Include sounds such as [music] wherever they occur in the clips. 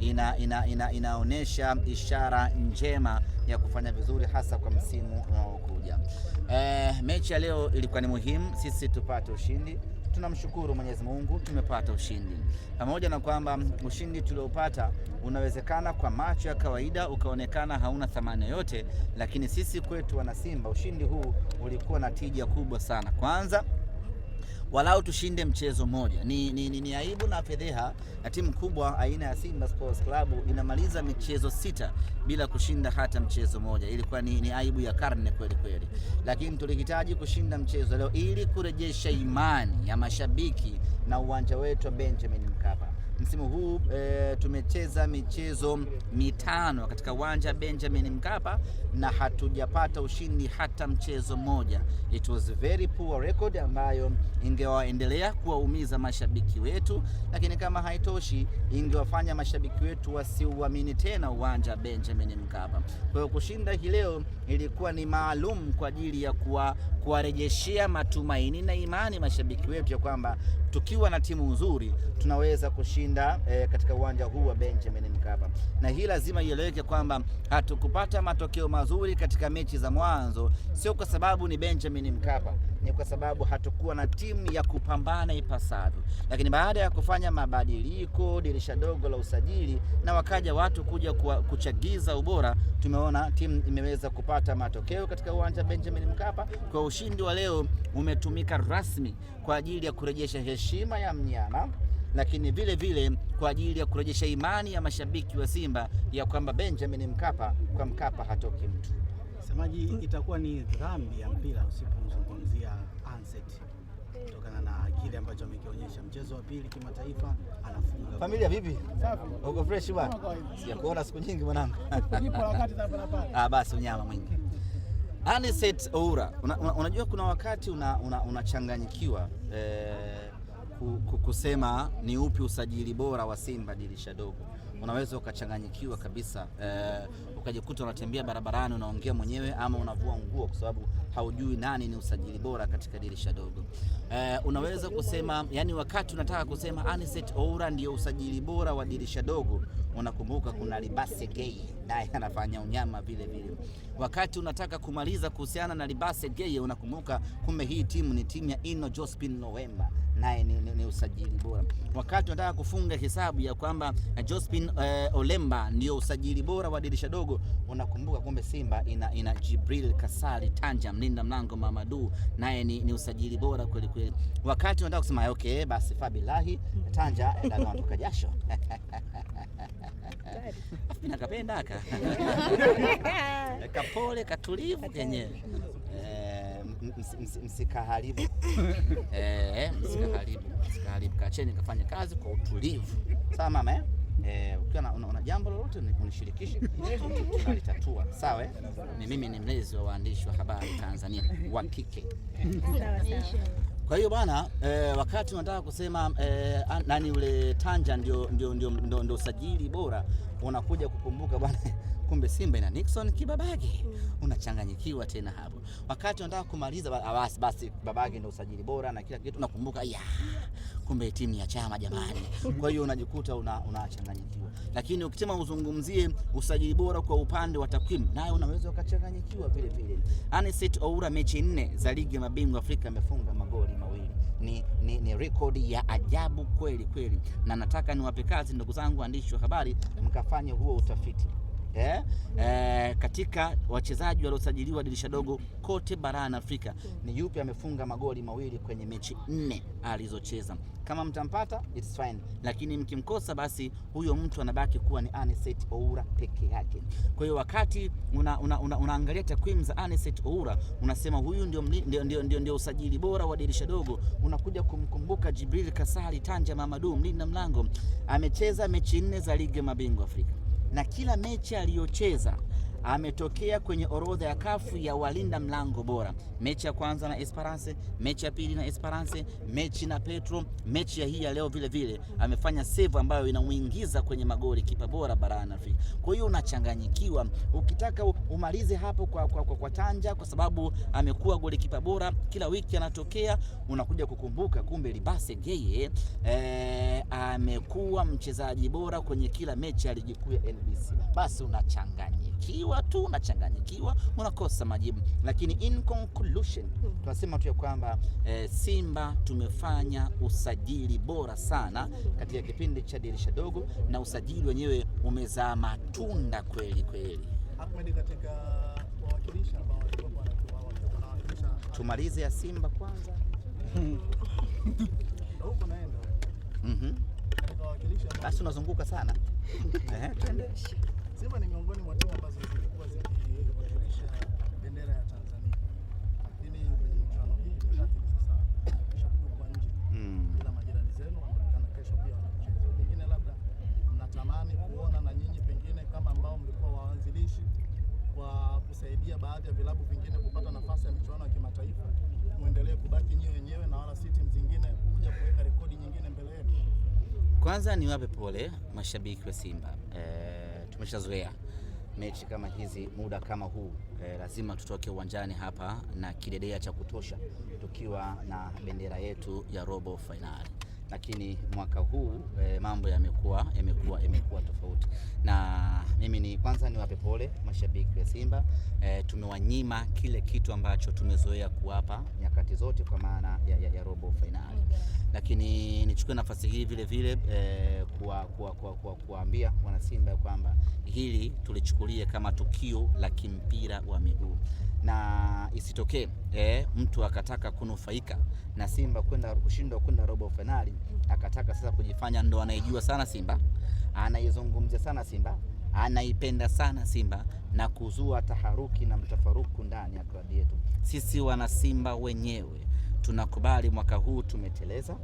ina, ina, ina, inaonyesha ishara njema ya kufanya vizuri hasa kwa msimu unaokuja. Eh, mechi ya leo ilikuwa ni muhimu sisi tupate ushindi. Tunamshukuru Mwenyezi Mungu tumepata ushindi, pamoja na kwamba ushindi tuliopata unawezekana kwa macho ya kawaida ukaonekana hauna thamani yoyote, lakini sisi kwetu wana Simba ushindi huu ulikuwa na tija kubwa sana. Kwanza walau tushinde mchezo moja. Ni, ni, ni, ni aibu na fedheha ya timu kubwa aina ya Simba Sports Club inamaliza michezo sita bila kushinda hata mchezo moja. Ilikuwa ni, ni aibu ya karne kweli kweli, lakini tulihitaji kushinda mchezo leo ili kurejesha imani ya mashabiki na uwanja wetu wa Benjamin Mkapa msimu huu e, tumecheza michezo mitano katika uwanja Benjamin Mkapa na hatujapata ushindi hata mchezo mmoja. It was very poor record ambayo ingewaendelea kuwaumiza mashabiki wetu, lakini kama haitoshi ingewafanya mashabiki wetu wasiuamini tena uwanja Benjamin Mkapa. Kwa hiyo kushinda hii leo ilikuwa ni maalum kwa ajili ya kuwarejeshea matumaini na imani mashabiki wetu ya kwamba tukiwa na timu nzuri tunaweza kushinda kushinda e, katika uwanja huu wa Benjamin Mkapa, na hii lazima ieleweke kwamba hatukupata matokeo mazuri katika mechi za mwanzo, sio kwa sababu ni Benjamin Mkapa, ni kwa sababu hatukuwa na timu ya kupambana ipasavyo. Lakini baada ya kufanya mabadiliko, dirisha dogo la usajili, na wakaja watu kuja kuchagiza ubora, tumeona timu imeweza kupata matokeo katika uwanja Benjamin Mkapa. Kwa ushindi wa leo umetumika rasmi kwa ajili ya kurejesha heshima ya mnyama lakini vile vile kwa ajili ya kurejesha imani ya mashabiki wa Simba ya kwamba Benjamin Mkapa, kwa Mkapa hatoki mtu. Semaji, itakuwa ni dhambi ya mpira usipomzungumzia Anset kutokana na kile ambacho amekionyesha mchezo wa pili kimataifa, anafunga. Familia vipi? Safi. Uko fresh bwana? Sijakuona siku nyingi mwanangu. Ah, basi unyama mwingi. Anset Oura, unajua una, una kuna wakati unachanganyikiwa una, una eh, kusema ni upi usajili bora wa Simba dirisha dogo, unaweza ukachanganyikiwa kabisa uh, ukajikuta unatembea barabarani unaongea mwenyewe ama unavua nguo, kwa sababu haujui nani ni usajili bora katika dirisha dogo. Uh, unaweza kusema yani, wakati unataka kusema Anicet Oura ndio usajili bora wa dirisha dogo unakumbuka kuna Libase Gay naye anafanya unyama vile vile. Wakati unataka kumaliza kuhusiana na Libase Gay, unakumbuka kumbe hii timu ni timu ya Ino Jospin Novemba naye ni, ni, ni usajili bora. Wakati unataka kufunga hesabu ya kwamba eh, Jospin eh, Olemba ndio usajili bora wa dirisha dogo, unakumbuka kumbe Simba ina, ina Jibril Kasali Tanja, mlinda mlango Mamadu naye ni, ni usajili bora kweli kweli. Wakati unataka kusema okay, basi Fabilahi Tanja ndio anatoka jasho [laughs] mimi nakapenda aka [laughs] kapole katulivu kenyewe eh, msikaharibu eh, msikaharibu msikaharibu, kacheni kafanye kazi kwa utulivu. Sawa mama eh? Eh, ukiwa una jambo lolote unishirikishe, tunalitatua sawa. Eh? Ni mimi ni mlezi wa waandishi wa habari Tanzania wa kike. Kwa hiyo bwana e, wakati unataka kusema e, nani ule Tanja ndio, ndio, ndio, ndio, ndio usajili bora, unakuja kukumbuka bwana [laughs] kumbe Simba ina Nixon kibabage, mm. unachanganyikiwa tena hapo. Wakati unataka kumaliza ah, basi basi babage ndio usajili bora na kila kitu, unakumbuka ya kumbe timu ya chama jamani. [laughs] Kwa hiyo unajikuta unachanganyikiwa una, lakini ukisema uzungumzie usajili bora kwa upande wa takwimu, naye unaweza ukachanganyikiwa vile vile. Anicet Oura mechi nne za ligi ya mabingwa Afrika amefunga magoli ni, ni, ni rekodi ya ajabu kweli kweli, na nataka niwape kazi ndugu zangu waandishi wa habari, mkafanye huo utafiti eh, eh, katika wachezaji waliosajiliwa dirisha dogo kote barani Afrika ni yupi amefunga magoli mawili kwenye mechi nne alizocheza? Kama mtampata it's fine, lakini mkimkosa, basi huyo mtu anabaki kuwa ni Anicet Oura peke yake. Kwa hiyo wakati una, una, una, unaangalia takwimu za Anicet Oura unasema huyu ndio, ndio, ndio, ndio, ndio usajili bora wa dirisha dogo, unakuja kumkumbuka Jibril Kasali Tanja Mamadou, mlinda mlango amecheza mechi nne za ligi mabingwa Afrika na kila mechi aliyocheza ametokea kwenye orodha ya kafu ya walinda mlango bora. Mechi ya kwanza na Esperance, mechi ya pili na Esperance, mechi na Petro, mechi ya hii ya leo vile vile amefanya save ambayo inamuingiza kwenye magoli kipa bora barani Afrika. Kwa hiyo unachanganyikiwa, ukitaka umalize hapo kwa, kwa, kwa, kwa Tanja kwa sababu amekuwa goli kipa bora kila wiki anatokea, unakuja kukumbuka kumbe Libase Geye eh, amekuwa mchezaji bora kwenye kila mechi ya ligi kuu ya NBC. Basi unachanganyikiwa unachanganyikiwa tu, unachanganyikiwa, unakosa majibu. Lakini in conclusion tunasema tu ya kwamba e, Simba tumefanya usajili bora sana katika kipindi cha dirisha dogo, na usajili wenyewe umezaa matunda kweli kweli. Tumalize ya Simba kwanza. [laughs] Mhm. Basi unazunguka sana. [laughs] Simba ni miongoni mwa timu ambazo zilikuwa zikiwakilisha bendera ya Tanzania, lakini kwenye mchuano hii sasa kwa nje hmm. bila majirani zenu wanaonekana kesho pia wanacheza. Pengine labda mnatamani kuona na nyinyi pengine kama ambao mlikuwa waanzilishi kwa kusaidia baadhi ya vilabu vingine kupata nafasi ya michuano ya kimataifa, muendelee kubaki nyinyi wenyewe na wala si timu zingine kuja kuweka rekodi nyingine mbele yenu Kwanza niwape pole mashabiki wa Simba eh tumeshazoea mechi kama hizi, muda kama huu e, lazima tutoke uwanjani hapa na kidedea cha kutosha tukiwa na bendera yetu ya robo fainali lakini mwaka huu e, mambo yamekuwa yamekuwa yamekuwa tofauti, na mimi ni kwanza niwape pole mashabiki wa Simba e, tumewanyima kile kitu ambacho tumezoea kuwapa nyakati zote kwa maana ya, ya, ya robo fainali, lakini nichukue nafasi hii vile vile e, kuwa, kuwa, kuwa, kuwa, kuwaambia Simba kwamba hili tulichukulia kama tukio la kimpira wa miguu na isitokee eh, mtu akataka kunufaika na Simba kwenda kushindwa kwenda robo fainali akataka sasa kujifanya ndo anaijua sana Simba, anaizungumzia sana Simba, anaipenda sana Simba na kuzua taharuki na mtafaruku ndani ya klabu yetu. Sisi wana Simba wenyewe tunakubali mwaka huu tumeteleza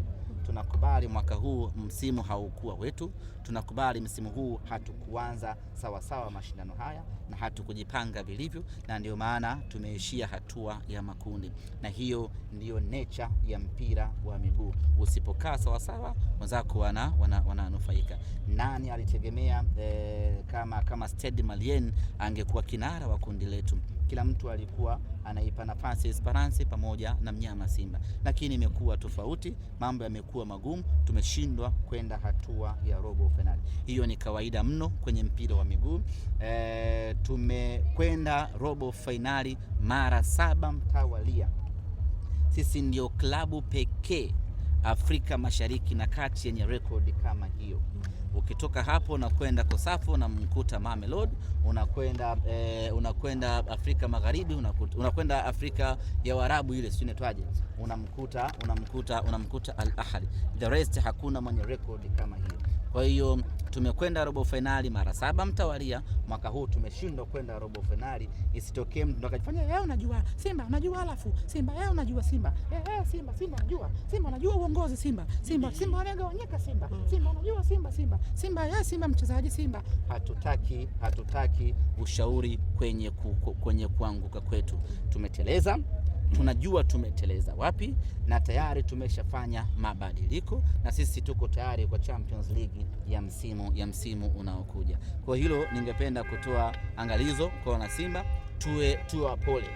tunakubali mwaka huu msimu haukuwa wetu, tunakubali msimu huu hatukuanza sawasawa mashindano haya na hatukujipanga vilivyo, na ndio maana tumeishia hatua ya makundi, na hiyo ndiyo necha ya mpira wa miguu. Usipokaa sawasawa, wenzako wana wananufaika. Wana nani alitegemea eh, kama kama Stade Malien angekuwa kinara wa kundi letu? Kila mtu alikuwa anaipa nafasi Esperance pamoja na mnyama Simba, lakini imekuwa tofauti, mambo yamekuwa yalikuwa magumu, tumeshindwa kwenda hatua ya robo fainali. Hiyo ni kawaida mno kwenye mpira wa miguu e, tumekwenda robo fainali mara saba mtawalia. Sisi ndio klabu pekee Afrika Mashariki na Kati yenye rekodi kama hiyo. Ukitoka hapo na kwenda Kosafu na mkuta Mamelodi, unakwenda e, unakwenda Afrika Magharibi, unakwenda Afrika ya Waarabu ile sio inaitwaje, unamkuta unamkuta unamkuta Al Ahli. The rest hakuna mwenye record kama hiyo. Kwa hiyo tumekwenda robo fainali mara saba mtawalia. Mwaka huu tumeshindwa kwenda robo fainali, isitokee mtu akajifanya yeye eh, unajua Simba unajua alafu Simba yeye eh, unajua Simba eh, eh Simba Simba unajua Simba unajua uongozi Simba Simba Simba wanyeka Simba mm. Simba unajua Simba Simba Simba yeye Simba mchezaji Simba. Hatutaki hatutaki ushauri kwenye ku, kwenye kuanguka kwetu, tumeteleza tunajua tumeteleza wapi na tayari tumeshafanya mabadiliko, na sisi tuko tayari kwa Champions League ya msimu ya msimu unaokuja. Kwa hilo ningependa kutoa angalizo kwa wanasimba, tuwe tuwe pole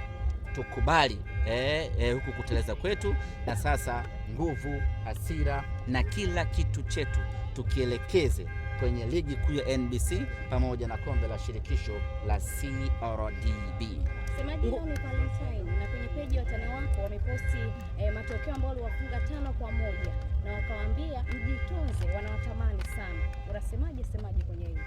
tukubali eh, eh, huku kuteleza kwetu, na sasa nguvu, hasira na kila kitu chetu tukielekeze kwenye ligi kuu ya NBC pamoja na kombe la shirikisho la CRDB. Semaji leo ni Valentine na kwenye peji ya watani wako wameposti eh, matokeo ambayo waliwafunga tano kwa moja na wakawaambia mjitunze, wanawatamani sana. Unasemaje semaji kwenye hili?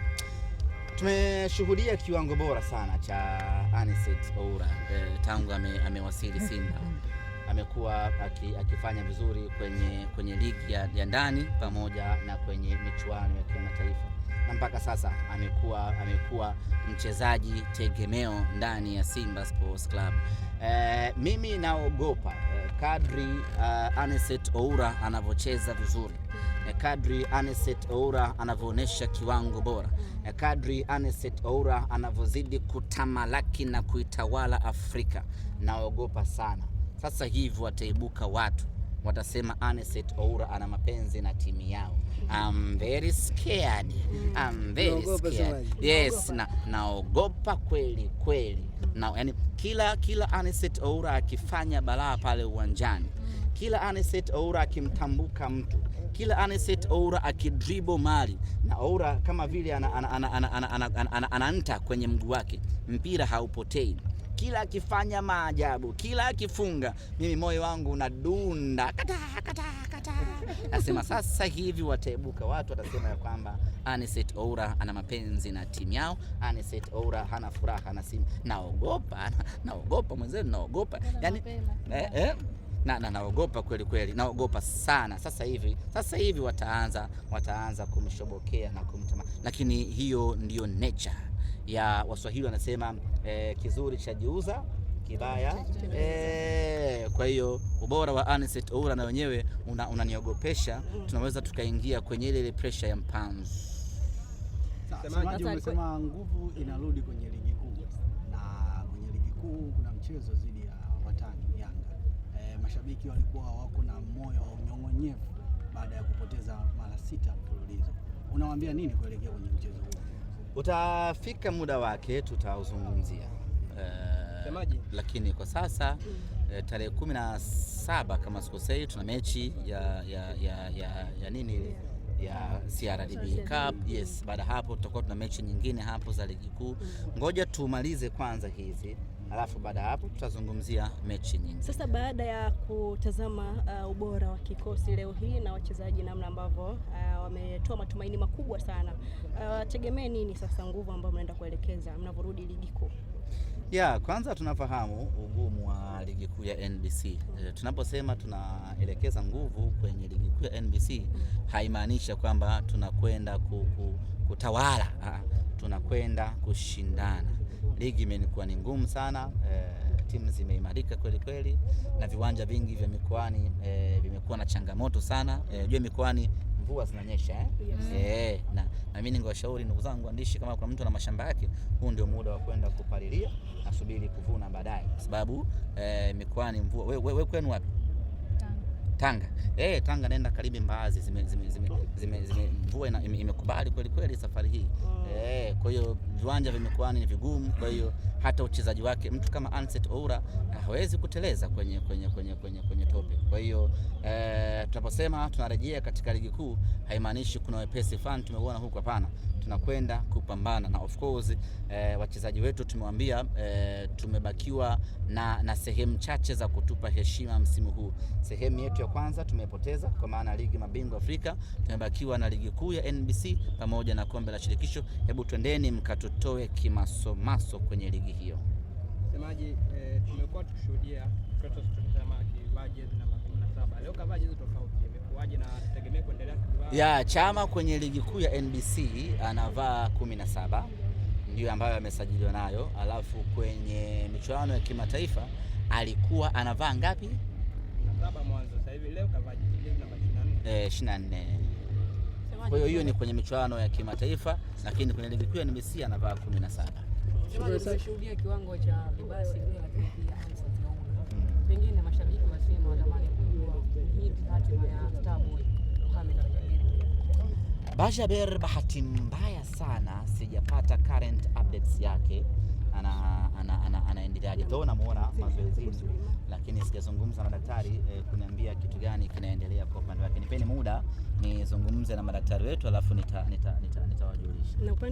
Tumeshuhudia kiwango bora sana cha Anicet Oura eh, tangu amewasili ame Simba [laughs] amekuwa akifanya vizuri kwenye, kwenye ligi ya, ya ndani pamoja na kwenye michuano ya kimataifa na mpaka sasa amekuwa amekuwa mchezaji tegemeo ndani ya Simba Sports Club. E, mimi naogopa eh, kadri uh, Aneset Oura anavyocheza vizuri kadri Aneset Oura anavyoonyesha kiwango bora, kadri Aneset Oura anavyozidi kutamalaki na kuitawala Afrika, naogopa sana sasa hivi wataibuka watu watasema Aneset Oura ana mapenzi na timu yao. I'm very scared. I'm very scared. Yes, na naogopa kweli kweli na, yani kila kila Aneset Oura akifanya balaa pale uwanjani, kila Aneset Oura akimtambuka mtu, kila Aneset Oura akidribo mali na Oura kama vile ananta ana, ana, ana, ana, ana, ana, ana, ana, ana kwenye mguu wake, mpira haupotei kila akifanya maajabu, kila akifunga, mimi moyo wangu unadunda kata kata kata, nasema sasa hivi wataibuka watu watasema ya kwamba Anicet Oura ana mapenzi na timu yao, Anicet Oura hana furaha na simu. Naogopa, naogopa mwenzenu, naogopa yani, eh, eh na na naogopa kweli kweli, naogopa sana. Sasa hivi sasa hivi wataanza wataanza kumshobokea na kumtama, lakini hiyo ndiyo nature ya Waswahili wanasema eh, kizuri chajiuza kibaya eh. Kwa hiyo ubora wa Anicet Oura na wenyewe unaniogopesha, una tunaweza tukaingia kwenye ile ile pressure ya mpanzu. Msemaji umesema nguvu inarudi kwenye ligi kuu, na kwenye ligi kuu kuna mchezo dhidi ya watani Yanga. E, mashabiki walikuwa wako na moyo wa unyongonyevu baada ya kupoteza mara sita mfululizo. Unawaambia nini kuelekea kwenye mchezo huu? Utafika muda wake tutauzungumzia. Uh, lakini kwa sasa uh, tarehe kumi na saba kama sikosei, tuna mechi ya, ya, ya, ya, ya nini ya CRDB Cup. Yes, baada hapo tutakuwa tuna mechi nyingine hapo za ligi kuu. Mm. Ngoja tumalize kwanza hizi alafu baada ya hapo tutazungumzia mechi nyingi. Sasa baada ya kutazama uh, ubora wa kikosi leo hii na wachezaji namna ambavyo uh, wametoa matumaini makubwa sana, uh, tegemee nini sasa nguvu ambayo mnaenda kuelekeza mnavyorudi ligi kuu? Ya, kwanza tunafahamu ugumu wa ligi kuu ya NBC. E, eh, tunaposema tunaelekeza nguvu kwenye ligi kuu ya NBC haimaanishi kwamba tunakwenda ku, ku, kutawala ah, tunakwenda kushindana. Ligi imekuwa ni ngumu sana e, timu zimeimarika kweli kweli na viwanja vingi vya mikoani e, vimekuwa na changamoto sana. Unajua e, mikoani mvua zinanyesha eh? Yes. Yeah, mm. na, na mimi ningewashauri ndugu zangu andishi, kama kuna mtu na mashamba yake, huu ndio muda wa kwenda kupalilia, asubiri kuvuna baadaye, kwa sababu eh, mikoani mvua. Wewe we, we kwenu wapi? Tanga. Eh, Tanga naenda Karibi Mbaazi zime, zime, zime, zime, zime, mvua imekubali kweli kweli safari hii. Mm. Eh, kwa hiyo viwanja vimekuwa ni vigumu, kwa hiyo hata uchezaji wake mtu kama Anset Oura eh, hawezi kuteleza kwenye, kwenye, kwenye, kwenye, kwenye tope. Kwa hiyo eh, tunaposema tunarejea katika ligi kuu haimaanishi kuna wepesi fan tumeuona huko, hapana, tunakwenda kupambana na of course eh, wachezaji wetu tumewaambia, eh, tumebakiwa na, na sehemu chache za kutupa heshima msimu huu. Sehemu yetu ya kwanza tumepoteza kwa maana ligi mabingwa Afrika, tumebakiwa na ligi kuu ya NBC pamoja na kombe la shirikisho. Hebu twendeni mkatu watoe kimasomaso kwenye ligi hiyo. Msemaji, eh, tumekuwa tukishuhudia Clatous Chama akivaa jezi namba 17. Leo kavaa jezi tofauti. Imekuwaje na tutegemea kuendelea kuvaa? Ya, Chama kwenye ligi kuu ya NBC anavaa 17 ndiyo ambayo amesajiliwa nayo, alafu kwenye michuano ya kimataifa alikuwa anavaa ngapi? 17 mwanzo, sasa hivi leo kavaa jezi namba 24. Eh, 24. Kwa hiyo hiyo ni kwenye michuano ya kimataifa, lakini kwenye ligi kuu ya NBC anavaa 17. Tumeshuhudia kiwango cha mm. Pengine mashabiki wa kujua ya Bajaber. Bahati mbaya sana sijapata current updates yake anaendeleaje ana, ana, ana, ana ana namuona mazoezini, lakini sijazungumza na daktari eh, kuniambia kitu gani kinaendelea kwa upande wake. Nipeni muda nizungumze na madaktari wetu, alafu nitawajulisha nita, nita, nita